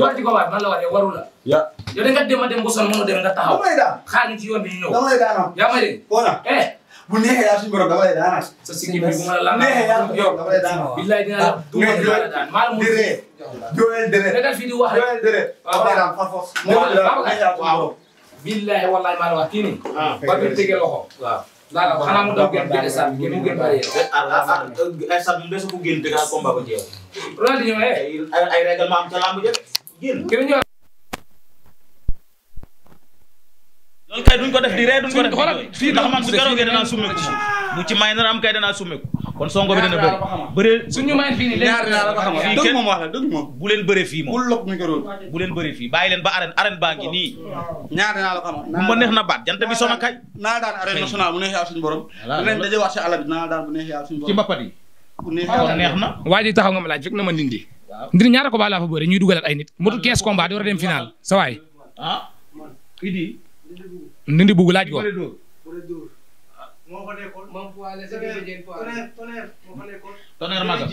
loolu di ko waat man la wax yow waru la. ya yow da nga dem a dem bu sonn mënoo dem nga taxaw. damay daan xaar ci yoon bi ñu ñëw. damay daanam yaa may dégg. voilà eh. bu neexee yaa suñu borom damay daanam. sa sikki bi bu ma la lan. neexee yaa suñu borom damay daanam. billaay dina la du ma la daan ah, maa la mu. déré jooyal déré. nekkal fii di wax rek jooyal déré. waaw waaw waaw waaw waaw. billaay wallaay maa la wax kii nii. ah ba bi tege loxo waaw. voilà xanaa mu daw gerte gi sax gerte gi bari yow. ah ah sax bu bees bu génn dëgg ak combat ba jeex. loolu la ñu ñëwee. Eh. ay ay règlement am ca lamb jëf. loolu kay duñ ko def di ree duñ ko def di ndax man su garoogee danaa summeeku ci bu ci may dana am kay danaa summeeku kon songo bi dana bëri bëree suñu may fii nii léegi la ko moom wax la bu leen bëree fii moom bul lokk micro bu leen bëree fii bàyyi leen ba arène arène baa ngi nii ñaar naa neex na baat jant bi sona kay naa daan arène nationale bu neexee yàlla suñu borom dinañ daje ci àll bi ci neex na waa ji taxaw nga ma laaj fekk na ma nindi ndir ñaata combat laa fa bëre ñuy dugalaat ay nit motul 15 combat di war a dem final sa ah, ndindi bugg laaj ko. tonnerre maga.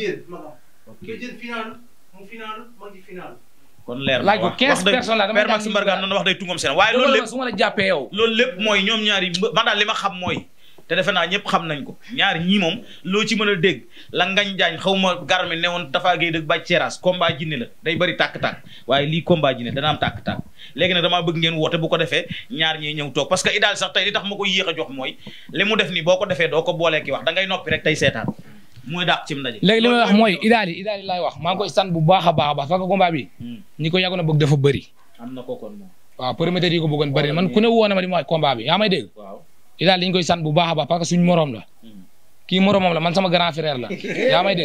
kon leer na laaj ko 15 personnes la dama wax day tungam seen waaye loolu lépp ma la jàppee lépp mooy ñoom ñaari man daal li ma xam mooy. te defe naa ñëpp xam nañ ko ñaar ñii moom loo ci mën a dégg la ngañ jaañ xaw ma garmi ne woon Tafa Gueye dëgg bàcc Seras combat jinne la day bëri tàkk-tàkk waaye lii combat jinne dana ko defee ñaar ñee def nii boo ko defee doo ko boolee ki wax da ngay noppi rek tey seetaan mooy dàq cim ndaje léegi li may wax mooy idaal yi idaal wax maa ngi bu baax a baax a baax parce que combat bi hmm. bëgg dafa bëri am na ko kon bëggoon bëri man ku ne woon di ma combat yaa may li daal dañ koy sant bu baax a baax parce que suñu morom la hmm. kii moromam la man sama grand frère la yaa may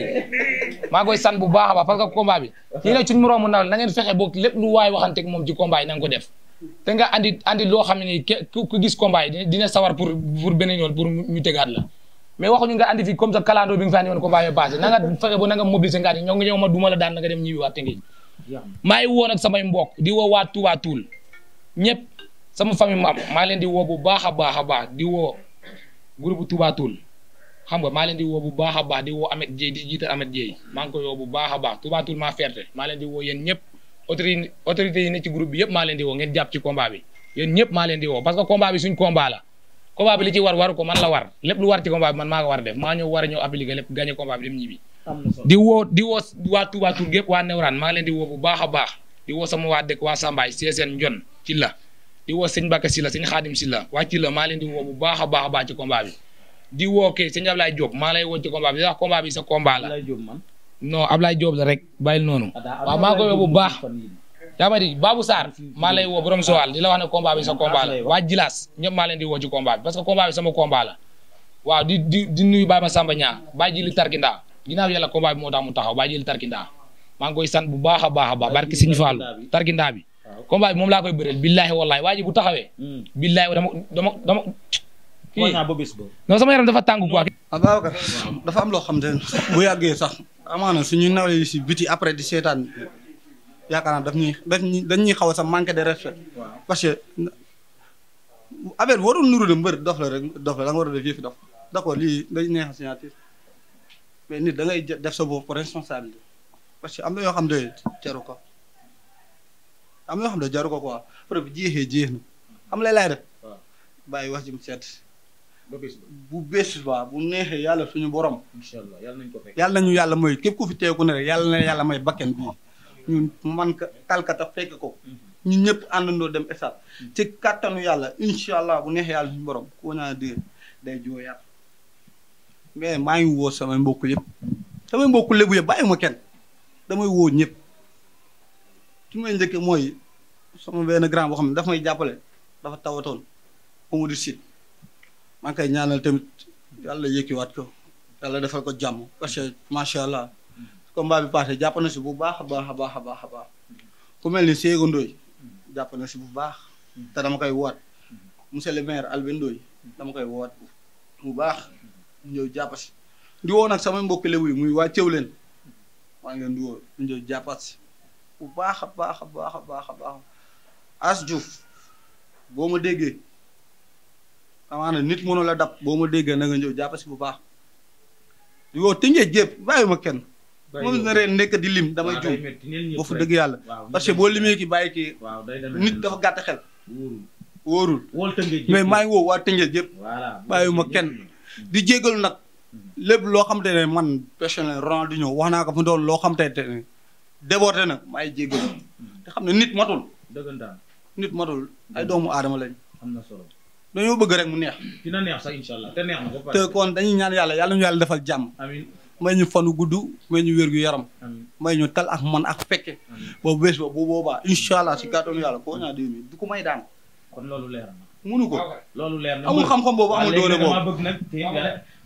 maa koy sant bu baax a baax parce que combat bi na ngeen fexe boog lépp lu waay waxanteeg moom ci combat yi ko def te nga andi xam ne nii dina sawar pour pour beneen yoon pour ñu tegaat la mais waxuñu nga andi comme ça calendrier bi nga fi andi woon combat yi passé na nga fexe ba na nga mobiliser waat te ak samay mbokk di woo waa Touba Toul ñëpp sama famille maam maa leen di woo bu baax baax a baax di woo groupe Touba Toul xam nga maa leen di woo bu baax a baax di woo Amet Dieye di jiital Amet Dieye maa ngi koy bu baax a baax Touba Toul ferte maa leen di woo yéen ñëpp autorité autorités yi ne ci groupe bi yëpp maa leen di woo ngeen jàpp ci combat bi yéen ñëpp maa leen di woo parce que combat bi suñ combat la combat li ci war waru ko man la war lépp lu war ci combat bi man maa war de def maa ñëw war a ñëw appliquer lépp gagné combat bi dem ñibbi di woo di woo waa Touba Toul waa Newraan maa leen di woo bu baax baax di woo sama waa dëkk waa Sambaay CSN Ndion ci la di woo sëñ Mbacke Sylla sëñ Xaadim Sylla wàcci la maa leen di woo bu baax a baax a baax ci combat bi di woo kii sëñ Ablaye Diop maa lay woo ci combat bi di wax combat bi sa combat la non Ablaye Diop la rek bàyyil noonu waaw maa koy woo bu baax yaa ma di Babou Sarr maa lay woo borom Sowal di la wax ne combat bi sa combat la waa Jilas ñëpp maa leen di woo ci combat bi parce que combat bi sama combat la waaw di di di nuyu Baye Massamba Niang Baye Jili Tarkinda ginnaaw yàlla combat bi moo tax mu taxaw Baye Jili Tarkinda maa ngi koy sant bu baax a baax a baax barki Sëñ Fallu Tarkinda bi combat bi moom laa koy bëreel billaahi wallaahi waa bu taxawee. Hmm. billaahi dama dama dama. kii ba bis boobu. non sama dafa tàng quoi. Ababacar ah, dafa am loo xam te bu yàggee sax amaana suñu nawle yi si biti après di seetaan yaakaar naa daf ñuy daf ñuy dañ ñuy xaw a sax manqué de respect. parce que affaire warul nuru de mbër dof la rek dof la a def yëf d' accord lii day neex mais nit da ngay def sa bopp responsabilité parce que am na yoo xam te teru ko. am na yoo xam jaru ko quoi bi jeexee jeex na am lay laay def. wax ji mu seet. bu bés ba bu neexee yàlla suñu borom. incha allah yàlla nañu ko fekk. yàlla nañu képp ku fi teeku ne rek yàlla na yàlla may bakken bii ñun man ka kalkata fekk ko. Mhm. ñun ñëpp àndandoo dem esat mhm. ci kàttanu yàlla incha allah bu neexee yàlla suñu borom koo naa dégg day jooyaat mais maa ngi woo samay mbokku yëpp samay mbokku lébu yëpp bàyyi ma kenn damay woo ñëpp. ki may njëkk mooy sama benn grand boo xam ne dafa may jàppale dafa tawatoon Amadou Cid maa ngi koy ñaanal tamit yàlla yëkkiwaat ko yàlla defal ko jàmm parce que macha allah combat bi passé jàpp na si bu baax a baax a baax a baax a baax ku mel ni Seydou Ndoye jàpp na si bu baax te dama koy woowaat monsieur le maire Albin Ndoye dama koy woowaat bu baax ñëw jàpp si. di woo nag sama mbokk lewu muy waa Thiawlène maa ngeen leen di woo ñëw jàppaat si. bu baax a baax a baax a baax a baax As Diouf boo ma déggee amaana nit mënu la dab boo ma déggee na nga ñëw jàpp si bu baax di woo tënjee jépp bàyyi ma kenn moom na reen di lim damay juum ba fu dëgg yàlla parce que boo limee ki bàyyi kii nit dafa gàtt xel wóorul mais maa ngi woo waa tënjee jépp bàyyi ma kenn di jégalu nag hmm. lépp loo xam te ne man personnel Ronaldinho wax naa ko mu doon loo xam te débordé na may jéggalu te xam ne nit matul. dëggantaan nit matul ay doomu aadama lañ. am na solo dañoo bëgg rek mu neex. dina neex sax incha allah te na ba pare. kon dañuy ñaan yàlla yàlla ñu yàlla defal jàmm. may ñu fanu gudd may ñu wér gu yaram. may ñu tal ak man ak fekke. boobu bés ba bu boobaa incha allah si kàttanu yàlla koo ñaa di du ko may daan. kon loolu leer munu ah, loolu leer na xam-xam boobu amul ah, doole boobu bëgg nag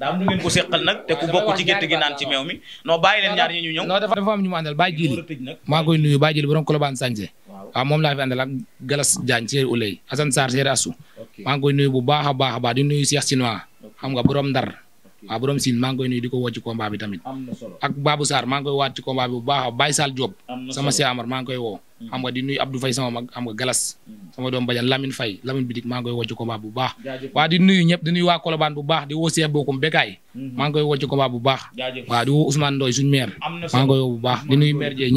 daa am lu ngeen ah, ko seqal nag te ku bokk ci gétt gi naan ci meew mi non bàyyi leen ñaar ñi ñu ñëw non dafa am ñu ma àndal Baye Jili maa koy nuyu Baye Jili borom Kolobaan Sañse waaw moom laa fi àndal ak Galas Diagne Seeri Ulay Assane Sarr Seeri Assou maa koy nuyu bu baax a baax a baax di nuyu Cheikh Sinoa xam nga borom Ndar waaw ah, borom siin maa ngi koy nuyu di ko woo ci combat bi tamit. am ak Babou Sarr koy waat ci bu baax a Baye Sall Diop. sama siamar maa ngi koy woo. Hmm. xam nga di nuyu Abdou Faye sama mag xam nga Galas. Hmm. sama doom bajan Lamine Faye Lamine Bidik maa koy woo ci bu baax. waa di nuyu ñëpp di nuyu waa Colobane bu baax di woo Cheikh Bokum Bekaay. Hmm. maa ngi koy woo ci combat bu baax. waa di woo Ousmane Ndoye suñu maire. am na solo maa ngi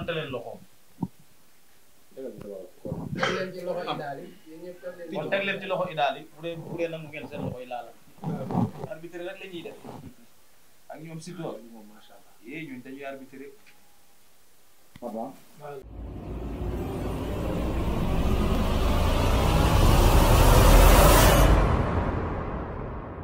koy woo leen ci loxo idaal yi kon teg leen ci loxo idaal yi bu dee bu dee nangu ngeen seen loxo yi laala arbitre rek la ñuy de ak ñoom surtout moom macha allah yee ñun dañuy arbitre